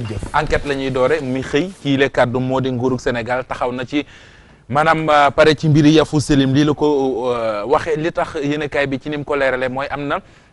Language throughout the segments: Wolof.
jërëjëf enquête la ñuy doore mi xëy kii le kàddu moo di nguurug Sénégal taxaw na ci maanaam euh, pare ci mbiri Yafu Selim lii la ko euh, waxee li tax yéenekaay bi ci ni mu ko leerale mooy am na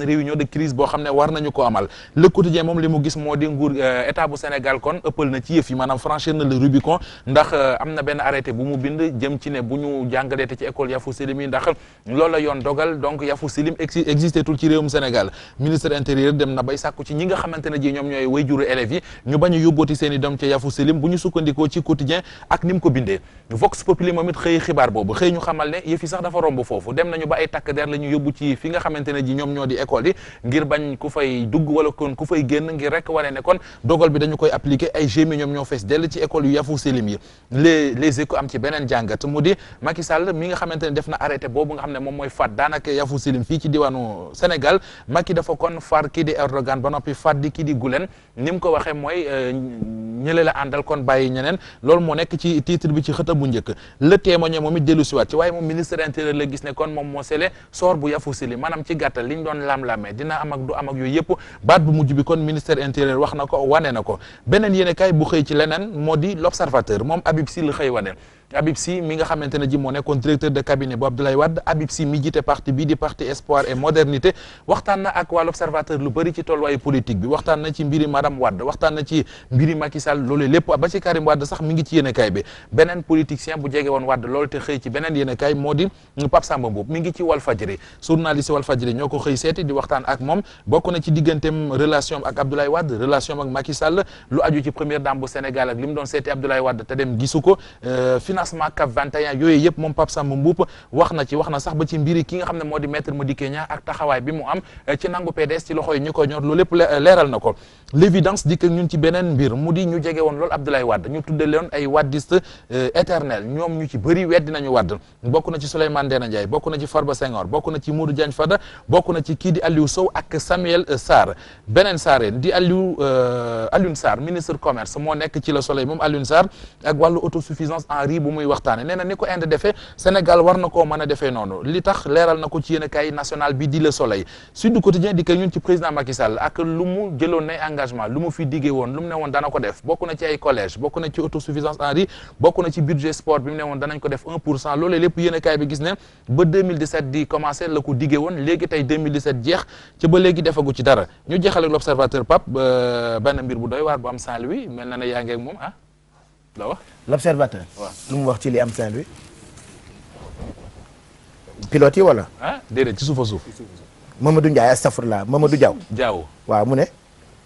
benn réunion de crise boo xam ne war nañu ko amal le quotidien moom li mu gis moo di nguur euh, état bu Sénégal kon ëppal na ci yëf yi maanaam franchir na le Rubicon ndax euh, am na benn arrêté bu mu bind jëm ci ne bu ñu jàngaleete ci école Yafu Silim yi ndax loolu yoon dogal donc Yafu Silim existé tul ci réewum Sénégal ministre intérieur dem na bay sàkku ci ñi nga xamante ji ñoom ñooy wayjuru élèves yi ñu bañ a yóbbooti seen i doom ca Yafu Silim bu ñu sukkandikoo école yi ngir bañ ku fay dugg wala kon ku fay génn ngir rek wane ne kon dogal bi dañu koy appliquer ay gémi ñoom ñoo fees dell ci école yu yafu selim yi les les éco am ci beneen jàngat mu di Macky Sall mi nga xamante ne def na arrêté yafu selim fii ci diwaanu Sénégal Macky dafa kon far kii Erdogan ba noppi faat di kii Gulen ni ko waxee mooy euh, ñële la àndal kon bàyyi ñeneen loolu moo nekk ci titre bi ci xët bu njëkk le témoigné moom it dellu siwaat ci waaye moom ministre intérieur la gis ne kon moom moo sele sor bu yafu sili maanaam ci gàttal li ñu doon lam-lammee dina am ak du am ak yooyu yëpp baat bu mujj bi kon ministère intérieur wax na ko wane na ko beneen yéene kaay bu xëy ci leneen moo di l'observateur moom Habib Sy la xëy wane te Habib mi nga xamante ne ji moo nekkoon directeur de cabinet bu Abdoulaye Wade Habib Sy mi jiite parti bii di parti Espoir et Modernité waxtaan na ak waa l'Observateur lu bëri ci tolluwaayu politique bi waxtaan na ci mbiri madame Wade waxtaan na ci mbiri Macky Sall lépp ba ci Karim Wade sax mi ngi ci yéenekaay bi beneen politicien bu jege woon Wade loolu te xëy ci beneen yéenekaay moo di Pape Samba Mboup mi ngi ci Walfadjri journaliste Walfadjri ñoo ko xëy financement CAP 21 yooyu yëpp moom Pape Samba Mboup wax na ci wax na sax ba ci mbiri ki nga xam ne moo di maître Madické Niang ak taxawaay bi mu am eh, ci nangu PDS ci loxo yi ñu ko ñor loolu lépp eh, leeral na ko l'évidence di que ñun ci beneen mbir mu di ñu jege woon loolu Abdoulaye Wade ñu tudde leen ay waddiste eh, éternel ñoom ñu ci bëri weddi nañu wadd bokk na ci Souleymane Ndéné Ndiaye bokk na ci Farba Senghor bokk na ci Modou Diagne Fada bokk na ci kii di Aliou Sow ak Samuel Sarr beneen Sarr moo nekk ci la Soleil moom Alioune Sarr muy waxtaan nee na ni ko Inde defee Sénégal war na koo a defee noonu li tax leeral na ko ci yéen a kaay national bi di Le Soleil Sud Quotidien di kay ñun ci président Macky Sall ak lu mu jëloon ne engagement lu mu fi diggee woon lu mu ne woon dana ko def bokk na ci ay collège bokk na ci autosuffisance en bokk na ci budget sport bi mu ne woon danañ ko def 1 pour cent loolee lépp yéen a kaay bi gis ne ba di commencé la ko diggee woon léegi tey 2017 jeex ci ba léegi defagu ci la wax l'observateur. lu mu wax ci li am Saint-Louis. pilote yi wala. ah déedéet ci suufa suuf. Mamadou Ndiaye astafurla Mamadou Diaw. jaaw waaw mu ne.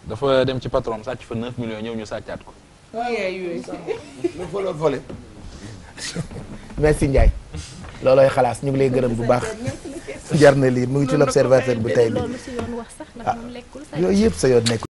dafa dem ci patron sàcc fa 9 millions ñëw ñu sàccaat ko. waaw merci Ndiaye loolooy xalaas ñu ngi lay gërëm bu baax jar na lii mu ngi ci l'observateur bu tey bi ah yooyu yëpp sa yoon nekkul.